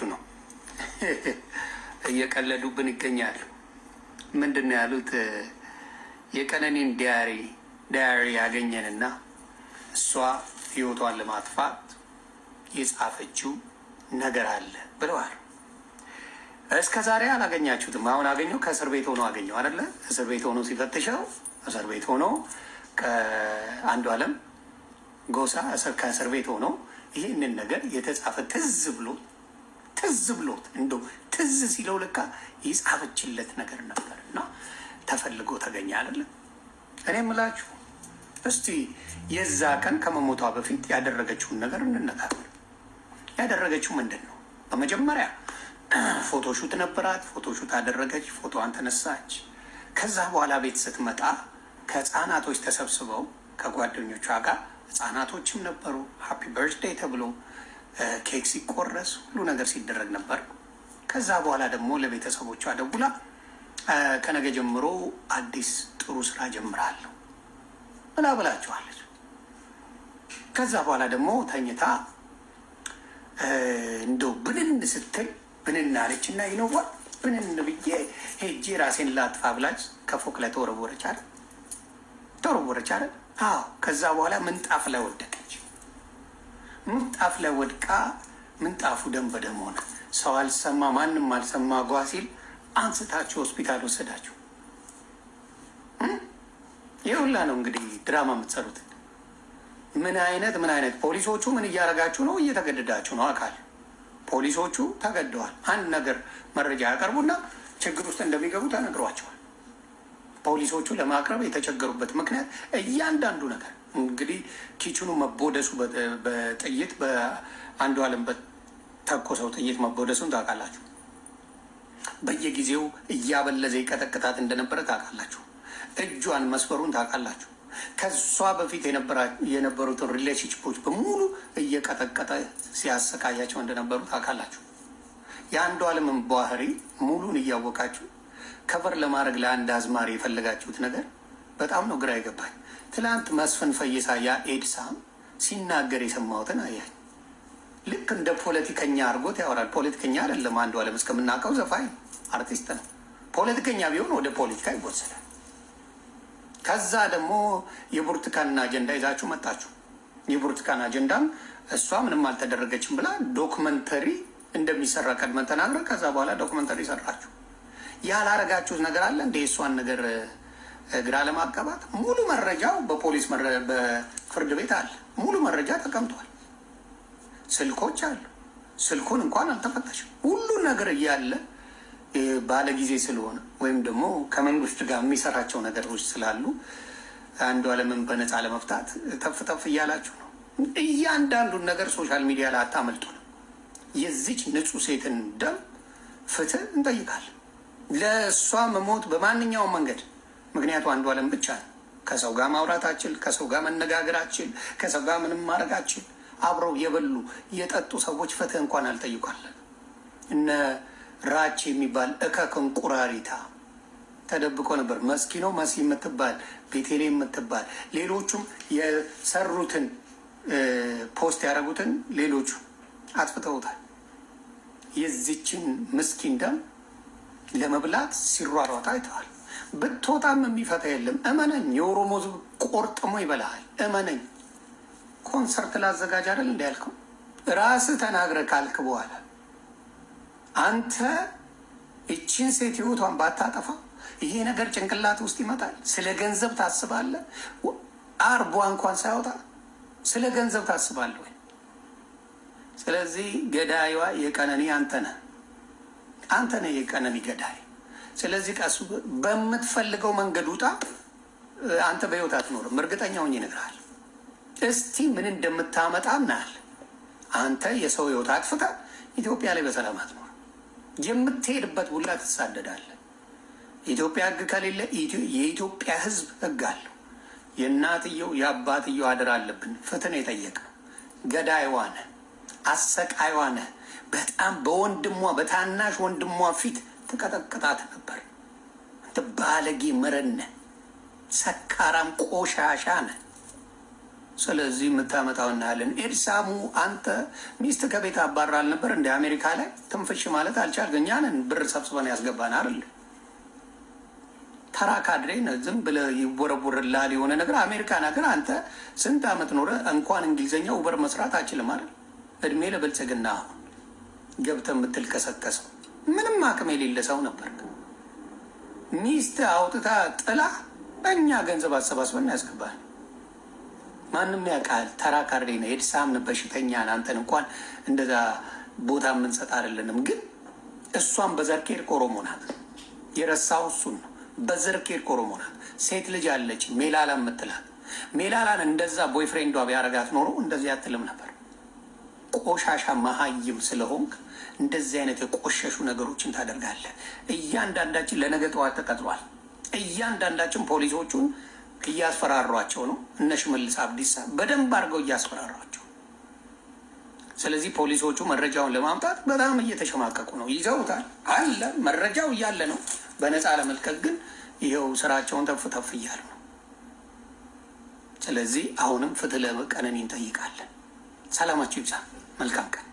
እያያችሁ ነው። እየቀለዱብን ይገኛሉ። ምንድን ነው ያሉት? የቀነኒን ዲያሪ ዳያሪ ያገኘንና እሷ ህይወቷን ለማጥፋት የጻፈችው ነገር አለ ብለዋል። እስከ ዛሬ አላገኛችሁትም። አሁን አገኘው። ከእስር ቤት ሆኖ አገኘው አደለ? እስር ቤት ሆኖ ሲፈትሸው እስር ቤት ሆኖ ከአንዱ አለም ጎሳ ከእስር ቤት ሆኖ ይህንን ነገር የተጻፈ ትዝ ብሎ ትዝ ብሎት እንዶ ትዝ ሲለው ለካ የጻፈችለት ነገር ነበር እና ተፈልጎ ተገኘ አይደለም። እኔ ምላችሁ እስቲ የዛ ቀን ከመሞቷ በፊት ያደረገችውን ነገር እንነጋገር። ያደረገችው ምንድን ነው? በመጀመሪያ ፎቶሹት ነበራት። ፎቶሹት አደረገች፣ ፎቶዋን ተነሳች። ከዛ በኋላ ቤት ስትመጣ ከህፃናቶች ተሰብስበው ከጓደኞቿ ጋር ህፃናቶችም ነበሩ ሀፒ በርዝዴይ ተብሎ ኬክ ሲቆረስ ሁሉ ነገር ሲደረግ ነበር። ከዛ በኋላ ደግሞ ለቤተሰቦቿ ደውላ ከነገ ጀምሮ አዲስ ጥሩ ስራ ጀምራለሁ ብላ ብላችኋለች። ከዛ በኋላ ደግሞ ተኝታ እንደው ብንን ስትል ብንን አለች እና ይነዋል ብንን ብዬ ሄጄ ራሴን ላጥፋ ብላች ከፎቅ ላይ ተወረወረች አለ ተወረወረች አለ። አዎ ከዛ በኋላ ምንጣፍ ላይ ወደ ምንጣፍ ላይ ወድቃ ምንጣፉ ደም በደም ሆነ። ሰው አልሰማ ማንም አልሰማ ጓ ሲል አንስታችሁ ሆስፒታል ወሰዳችሁ። ይህ ሁላ ነው እንግዲህ ድራማ የምትሰሩት። ምን አይነት ምን አይነት ፖሊሶቹ ምን እያደረጋችሁ ነው? እየተገደዳችሁ ነው። አካል ፖሊሶቹ ተገደዋል። አንድ ነገር መረጃ ያቀርቡና ችግር ውስጥ እንደሚገቡ ተነግሯቸዋል። ፖሊሶቹ ለማቅረብ የተቸገሩበት ምክንያት እያንዳንዱ ነገር እንግዲህ ኪችኑ መቦደሱ በጥይት በአንዱ አለም በተኮሰው ጥይት መቦደሱን ታውቃላችሁ። በየጊዜው እያበለዘ ይቀጠቅጣት እንደነበረ ታውቃላችሁ። እጇን መስበሩን ታውቃላችሁ። ከሷ በፊት የነበሩትን ሪሌሽንሽፖች በሙሉ እየቀጠቀጠ ሲያሰቃያቸው እንደነበሩ ታውቃላችሁ። የአንዱ አለምን ባህሪ ሙሉን እያወቃችሁ ከበር ለማድረግ ለአንድ አዝማሪ የፈለጋችሁት ነገር በጣም ነው ግራ የገባኝ። ትላንት መስፍን ፈይሳ ያ ኤድሳም ሲናገር የሰማሁትን አያኝ ልክ እንደ ፖለቲከኛ አድርጎት ያወራል። ፖለቲከኛ አይደለም፣ አንዱ አለም እስከምናውቀው ዘፋኝ አርቲስት ነው። ፖለቲከኛ ቢሆን ወደ ፖለቲካ ይወሰዳል። ከዛ ደግሞ የብርቱካንን አጀንዳ ይዛችሁ መጣችሁ። የብርቱካን አጀንዳም እሷ ምንም አልተደረገችም ብላ ዶክመንተሪ እንደሚሰራ ቀድመን ተናግረ፣ ከዛ በኋላ ዶክመንተሪ ሰራችሁ። ያላረጋችሁት ነገር አለ እንደ የእሷን ነገር እግራ ለማቀባት ሙሉ መረጃው በፖሊስ በፍርድ ቤት አለ። ሙሉ መረጃ ተቀምጧል። ስልኮች አሉ። ስልኩን እንኳን አልተፈተሽም። ሁሉን ነገር እያለ ባለ ጊዜ ስለሆነ ወይም ደግሞ ከመንግስት ጋር የሚሰራቸው ነገሮች ስላሉ አንዱ አለምን በነፃ ለመፍታት ተፍ ተፍ እያላችሁ ነው። እያንዳንዱን ነገር ሶሻል ሚዲያ ላይ አታመልጡ ነው። የዚች ንጹህ ሴትን ደም ፍትህ እንጠይቃለን። ለእሷ መሞት በማንኛውም መንገድ ምክንያቱ አንዱ አለም ብቻ ነው። ከሰው ጋር ማውራታችን፣ ከሰው ጋር መነጋገራችን፣ ከሰው ጋር ምንም ማድረጋችን አብረው የበሉ የጠጡ ሰዎች ፍትህ እንኳን አልጠይቋለን። እነ ራች የሚባል እከክ እንቁራሪታ ተደብቆ ነበር። መስኪኖ መሲ የምትባል ቤቴሌ የምትባል ሌሎቹም የሰሩትን ፖስት ያደረጉትን ሌሎቹ አጥፍተውታል። የዚችን ምስኪን ደም ለመብላት ሲሯሯጣ አይተዋል። ብትወጣም የሚፈታ የለም። እመነኝ፣ የኦሮሞ ሕዝብ ቆርጥሞ ይበላሃል። እመነኝ። ኮንሰርት ላዘጋጅ አይደል እንዲያልከው ራስ ተናግረ ካልክ በኋላ አንተ እቺን ሴት ህይወቷን ባታጠፋ ይሄ ነገር ጭንቅላት ውስጥ ይመጣል። ስለ ገንዘብ ታስባለ? አርቧ እንኳን ሳያወጣ ስለ ገንዘብ ታስባለ ወይ? ስለዚህ ገዳይዋ የቀነኒ አንተ ነህ። አንተ ነህ የቀነኒ ገዳይ። ስለዚህ ቀሱ በምትፈልገው መንገድ ውጣ። አንተ በህይወት አትኖርም። እርግጠኛ ሆኜ ይነግርሃል። እስቲ ምን እንደምታመጣ ናል። አንተ የሰው ህይወት አጥፍታ ኢትዮጵያ ላይ በሰላም አትኖር። የምትሄድበት ሁላ ትሳደዳለህ። ኢትዮጵያ ህግ ከሌለ የኢትዮጵያ ህዝብ ህግ አለው። የእናትየው የአባትየው አደራ አለብን። ፍትህ የጠየቀ የጠየቅነው። ገዳይዋ በጣም በወንድሟ በታናሽ ወንድሟ ፊት ትቀጠቅጣት ነበር። አንተ ባለጌ መረነ፣ ሰካራም ቆሻሻ ነ ስለዚህ የምታመጣው እናያለን። ኤድሳሙ አንተ ሚስት ከቤት አባራል ነበር እንደ አሜሪካ ላይ ትንፍሽ ማለት አልቻል። እኛን ብር ሰብስበን ያስገባን አይደል? ተራ ካድሬ ነህ። ዝም ብለህ ይወረወርልሃል የሆነ ነገር። አሜሪካን ሀገር አንተ ስንት ዓመት ኖረ? እንኳን እንግሊዝኛ ውበር መስራት አችልም አይደል? እድሜ ለብልጽግና አሁን ገብተህ የምትልቀሰቀሰው ምንም አቅም የሌለ ሰው ነበር። ሚስት አውጥታ ጥላ በእኛ ገንዘብ አሰባስበን ያስገባል። ማንም ያውቃል። ተራ ካሬ ነው። ኤድሳም በሽተኛ አንተን እንኳን እንደዛ ቦታ የምንሰጥ አይደለንም። ግን እሷን በዘርኬር ኦሮሞ ናት። የረሳው እሱን ነው። በዘርኬር ኦሮሞ ናት። ሴት ልጅ አለች ሜላላ የምትላት ሜላላን እንደዛ ቦይፍሬንዷ ቢያረጋት ኖሮ እንደዚህ አትልም ነበር። ቆሻሻ መሀይም ስለሆንክ እንደዚህ አይነት የቆሸሹ ነገሮችን ታደርጋለህ። እያንዳንዳችን ለነገ ጠዋት ተቀጥሯል። እያንዳንዳችን ፖሊሶቹን እያስፈራሯቸው ነው። እነ ሽመልስ አብዲሳ በደንብ አድርገው እያስፈራሯቸው። ስለዚህ ፖሊሶቹ መረጃውን ለማምጣት በጣም እየተሸማቀቁ ነው። ይዘውታል አለ መረጃው እያለ ነው። በነፃ ለመልቀቅ ግን ይኸው ስራቸውን ተፍ ተፍ እያሉ ነው። ስለዚህ አሁንም ፍትህ ለቀነኒ እንጠይቃለን። ሰላማችሁ ይብዛ። መልካም ቀን